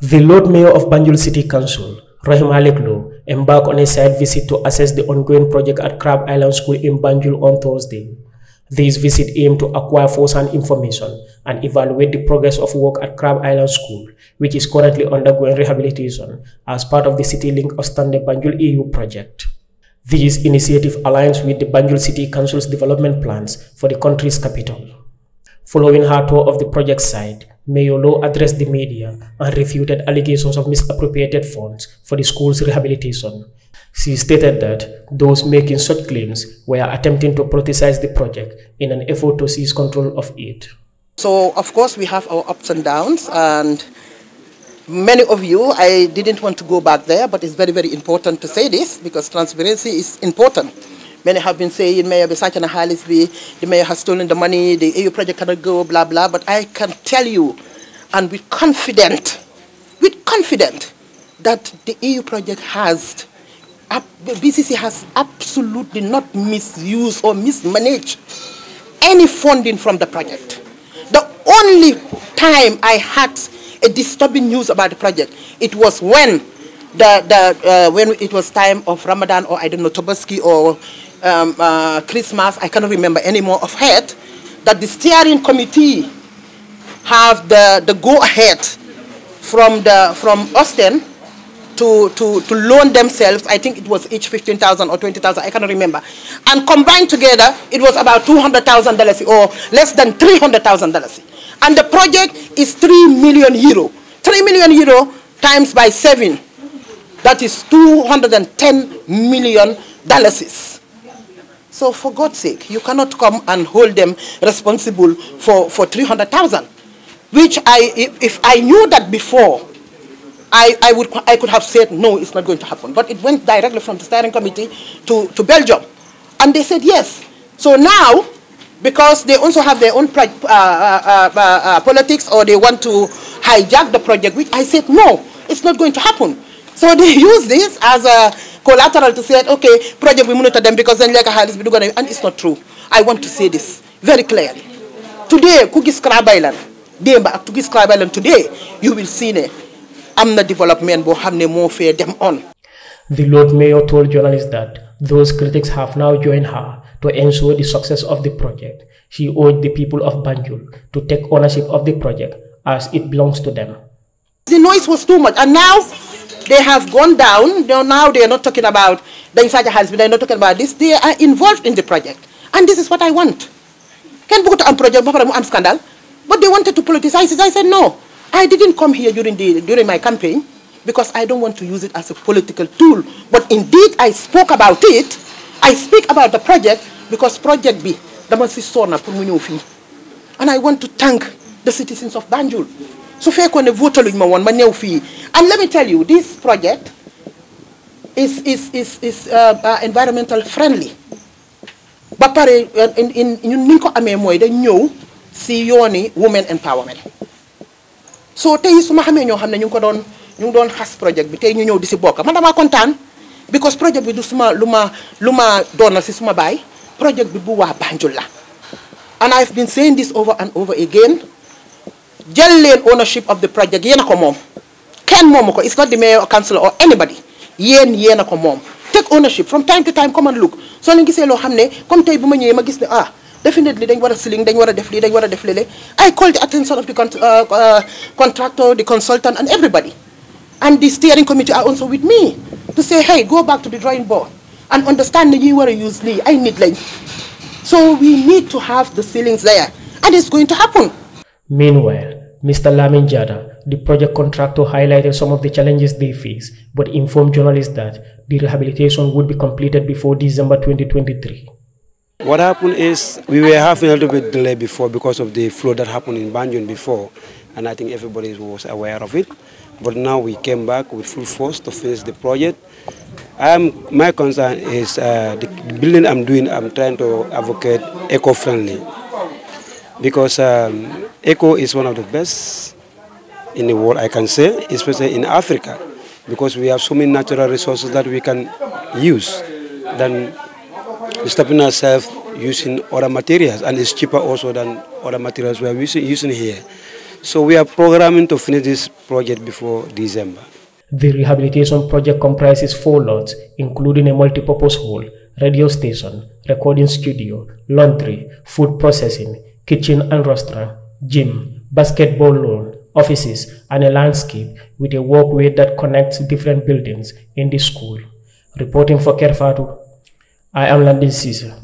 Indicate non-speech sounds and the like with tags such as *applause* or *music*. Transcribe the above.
The Lord Mayor of Banjul City Council, Rahim Aleklo, embarked on a site visit to assess the ongoing project at Crab Island School in Banjul on Thursday. This visit aimed to acquire first-hand information and evaluate the progress of work at Crab Island School, which is currently undergoing rehabilitation as part of the City Link Standard Banjul EU project. This initiative aligns with the Banjul City Council's development plans for the country's capital. Following her tour of the project site, Mayolo addressed the media and refuted allegations of misappropriated funds for the school's rehabilitation. She stated that those making such claims were attempting to politicize the project in an effort to seize control of it. So, of course, we have our ups and downs, and many of you, I didn't want to go back there, but it's very, very important to say this because transparency is important many have been saying Mayor Besachan Halis the mayor has stolen the money, the EU project cannot go, blah, blah. But I can tell you, and with confident, with confident, that the EU project has, BCC has absolutely not misused or mismanaged any funding from the project. The only time I had a disturbing news about the project, it was when the, the, uh, when it was time of Ramadan or I don't know, Tobaski or um, uh, Christmas, I cannot remember anymore of head, that the steering committee have the, the go-ahead from, the, from Austin to, to, to loan themselves, I think it was each 15,000 or 20,000, I cannot remember. And combined together, it was about $200,000 or less than $300,000. And the project is 3 million euro. 3 million euro times by seven that is 210 million dollars. So for God's sake, you cannot come and hold them responsible for, for 300,000. Which I, if, I knew that before, I, I, would, I could have said, no, it's not going to happen. But it went directly from the steering committee to, to Belgium. And they said yes. So now, because they also have their own uh, uh, uh, uh, politics or they want to hijack the project, which I said, no, it's not going to happen so *laughs* they use this as a collateral to say okay project we monitor them because then lekk xaalis bi du ko and it's not true I want to say this very clearly today ku Crab Island, démb ak ku crab island. today you will see ne am the development but have no more fear on. The Lord Mayor told journalists that those critics have now joined her to ensure the success of the project. She urged the people of Banjul to take ownership of the project as it belongs to them. The noise was too much and now they have gone down. Now they are not talking about the Insaja has been, they are not talking about this. They are involved in the project. And this is what I want. Can we go to a project, I'm scandal? But they wanted to politicize it. I said, no. I didn't come here during, the, during my campaign because I don't want to use it as a political tool. But indeed, I spoke about it. I speak about the project because Project B, the Masisona Pulmuniufi. And I want to thank the citizens of Banjul su fekkoon ne votaluñ ma woon ma ñëw and let me tell you this project is is is is uh, uh, environmental friendly ba pare ñun uh, niñ ko amee mooy dañ ñëw CEO ni women empowerment so tey su ma xamee ñoo xam ne ñu ngi ko doon ñu ngi doon xas project bi tey ñu ñëw di si bokk man damaa kontaan because project bi du suma lu ma lu ma doonal si suma baay project bi bu waa Banjul and I've been saying this over and over again jël leen ownership of the project yéen a ken moom it's not the mayor or councillor or anybody yéen yéen a take ownership from time to time come and look So leen gisee loo xam ne comme tey bu ma ñëwee ma gis ah definitely dañ war a dañ war def dañ def lële I call the attention of the uh, uh, contractor the consultant and everybody and the steering committee are also with me to say hey go back to the drawing board and understand that you war to use lii i nit lañ so we need to have the ceilings there and it's going to happen meanwhile Mr. Laminjada, the project contractor, highlighted some of the challenges they face, but informed journalists that the rehabilitation would be completed before December 2023. What happened is we were having a little bit delay before because of the flood that happened in Banjun before, and I think everybody was aware of it. But now we came back with full force to finish the project. I'm, my concern is uh, the building I'm doing, I'm trying to advocate eco-friendly because um, ECO is one of the best in the world, I can say, especially in Africa, because we have so many natural resources that we can use than stopping ourselves using other materials, and it's cheaper also than other materials we are using here. So we are programming to finish this project before December. The rehabilitation project comprises four lots, including a multipurpose hall, radio station, recording studio, laundry, food processing, kitchen and restaurant, gym, basketball lawn, offices, and a landscape with a walkway that connects different buildings in the school. Reporting for Kerfatu, I am Landon Caesar.